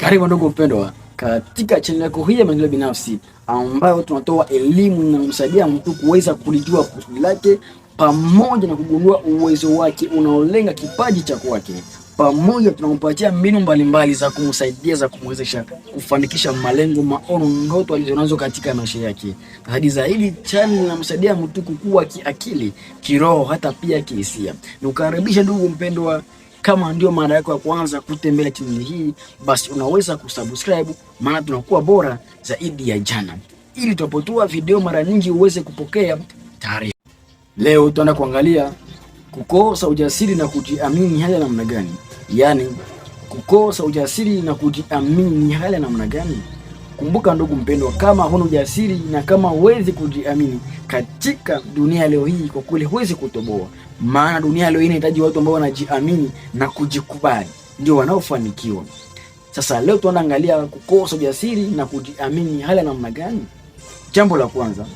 Karibu ndugu mpendwa katika chaneli yako hii ya maendeleo binafsi ambayo tunatoa elimu inayomsaidia mtu kuweza kulijua kusudi lake pamoja na kugundua uwezo wake unaolenga kipaji cha kwake. Pamoja tunampatia mbinu mbalimbali za kumsaidia za kumwezesha kufanikisha malengo, maono, ndoto alizonazo katika maisha yake. Hadi zaidi, chaneli inamsaidia mtu kukua kiakili, kiroho, hata pia kihisia. Nikukaribisha ndugu mpendwa kama ndio mara yako ya kwanza kutembelea chaneli hii, basi unaweza kusubscribe, maana tunakuwa bora zaidi ya jana, ili tunapotoa video mara nyingi uweze kupokea taarifa. Leo tunaenda kuangalia kukosa ujasiri na kujiamini hali ya namna gani, yaani kukosa ujasiri na kujiamini hali ya namna gani. Kumbuka ndugu mpendwa, kama huna ujasiri na kama huwezi kujiamini katika dunia leo hii, kwa kweli huwezi kutoboa. Maana dunia leo hii inahitaji watu ambao wanajiamini na kujikubali, ndio wanaofanikiwa. Sasa leo tunaangalia kukosa ujasiri na kujiamini, hali ya namna gani? Jambo la kwanza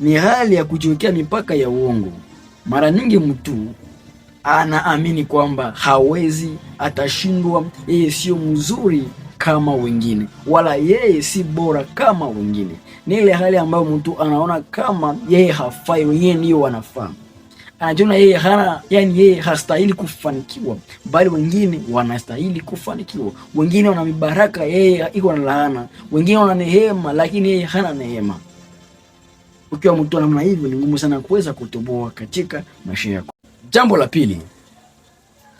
ni hali ya kujiwekea mipaka ya uongo. Mara nyingi mtu anaamini kwamba hawezi, atashindwa, yeye sio mzuri kama wengine, wala yeye si bora kama wengine. Ni ile hali ambayo mtu anaona kama yeye hafai, wengine ndio wanafaa. Anajiona yeye hana, yani yeye hastahili kufanikiwa, bali wengine wanastahili kufanikiwa. Wengine wana mibaraka, yeye iko na laana. Wengine wana neema, lakini yeye hana neema. Ukiwa mtu namna hivyo, ni ngumu sana kuweza kutoboa katika maisha yako. Jambo la pili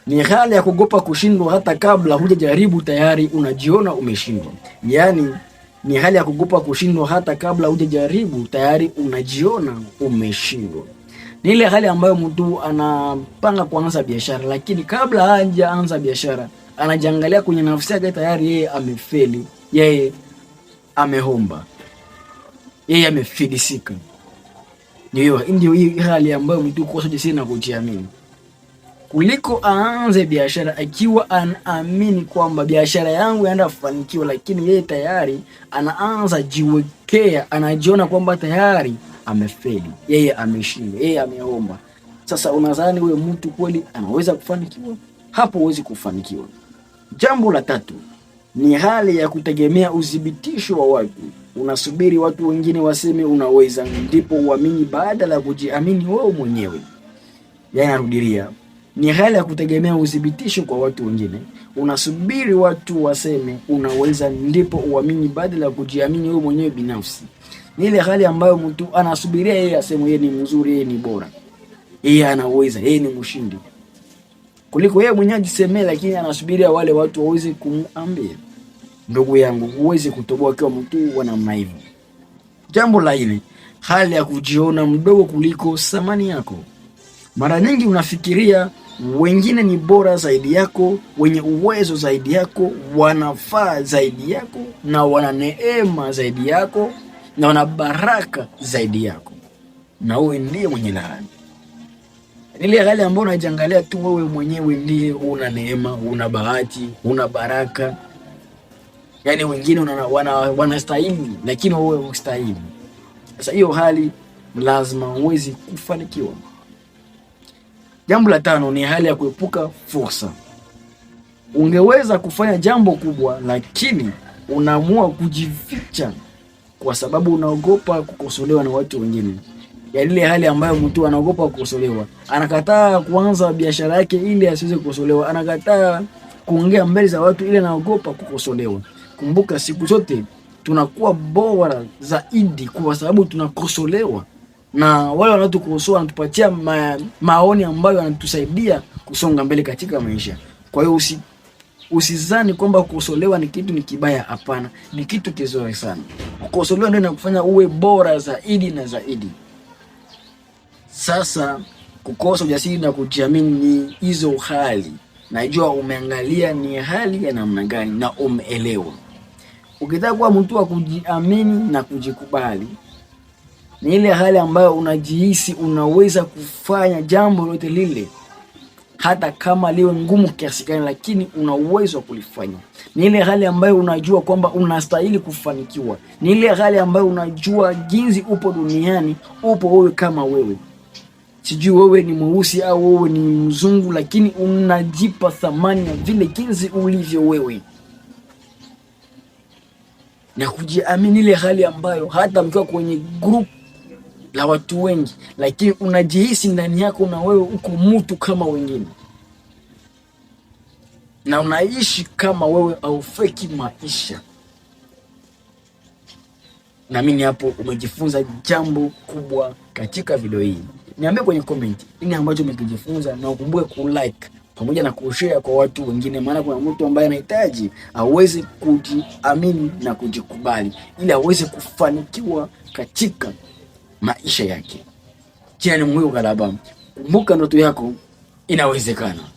ni hali ya kugopa kushindwa hata kabla hujajaribu tayari unajiona umeshindwa. Yaani ni hali ya kugopa kushindwa hata kabla hujajaribu tayari unajiona umeshindwa. Ni ile hali ambayo mtu anapanga kuanza biashara, lakini kabla hajaanza biashara anajiangalia kwenye nafsi yake, tayari yeye amefeli, yeye amehomba, yeye amefilisika. Ndio hiyo hali ambayo mtu kosa jinsi na kujiamini kuliko aanze biashara akiwa anaamini kwamba biashara yangu yaenda kufanikiwa, lakini yeye tayari anaanza jiwekea, anajiona kwamba tayari amefeli, yeye ameshindwa, yeye ameomba. Sasa unadhani huyo mtu kweli anaweza kufanikiwa? Hapo huwezi kufanikiwa. Jambo la tatu ni hali ya kutegemea uthibitisho wa watu. Unasubiri watu wengine waseme unaweza ndipo uamini, baada ya kujiamini wewe mwenyewe. Yanarudilia yaani ni hali ya kutegemea uthibitisho kwa watu wengine. Unasubiri watu waseme unaweza, ndipo uamini badala ya kujiamini wewe mwenyewe binafsi. Ni ile hali ambayo mtu anasubiria yeye aseme yeye ni mzuri, yeye ni bora, yeye anaweza, yeye ni mshindi, kuliko yeye mwenyewe ajisemee, lakini anasubiria wale watu waweze kumwambia. Ndugu yangu, huwezi kutoboa kwa mtu wa namna hivyo. Jambo la nne, hali ya kujiona mdogo kuliko thamani yako. Mara nyingi unafikiria wengine ni bora zaidi yako, wenye uwezo zaidi yako, wanafaa zaidi yako, na wana neema zaidi yako, na wana baraka zaidi yako, na wewe ndiye mwenye laana. Ile hali ambayo unajiangalia tu wewe mwenyewe ndiye una neema, una bahati, una baraka. Yaani wengine wanastahili wana, wana lakini wewe hustahili. Sasa hiyo hali lazima uwezi kufanikiwa. Jambo la tano ni hali ya kuepuka fursa. Ungeweza kufanya jambo kubwa, lakini unaamua kujificha kwa sababu unaogopa kukosolewa na watu wengine. Ya ile hali ambayo mtu anaogopa kukosolewa, anakataa kuanza biashara yake ili asiweze kukosolewa, anakataa kuongea mbele za watu ili anaogopa kukosolewa. Kumbuka, siku zote tunakuwa bora zaidi kwa sababu tunakosolewa na wale wanaotukosoa wanatupatia ma, maoni ambayo yanatusaidia kusonga mbele katika maisha. Kwa hiyo usi, usizani kwamba kukosolewa ni kitu ni kibaya. Hapana, ni kitu kizuri sana. Kukosolewa ndio inakufanya uwe bora zaidi na zaidi. Sasa kukosa ujasiri na kujiamini ni hizo hali, najua umeangalia ni hali ya namna gani na umeelewa. Ukitaka kuwa mtu wa kujiamini na kujikubali ni ile hali ambayo unajihisi unaweza kufanya jambo lote lile, hata kama liwe ngumu kiasi gani, lakini una uwezo wa kulifanya. Ni ile hali ambayo unajua kwamba unastahili kufanikiwa. Ni ile hali ambayo unajua jinsi upo duniani, upo wewe kama wewe, sijui wewe ni mweusi au wewe ni mzungu, lakini unajipa thamani ya vile jinsi ulivyo wewe na kujiamini, ile hali ambayo hata mkiwa kwenye group la watu wengi, lakini unajihisi ndani yako na wewe uko mtu kama wengine na unaishi kama wewe aufeki maisha. Naamini hapo umejifunza jambo kubwa katika video hii. Niambie kwenye comment nini ambacho umekijifunza, na ukumbuke kulike pamoja na kushare kwa watu wengine, maana kuna mtu ambaye anahitaji aweze kujiamini na kujikubali ili aweze kufanikiwa katika maisha yake. Jani muhimu kalaba, kumbuka ndoto yako inawezekana.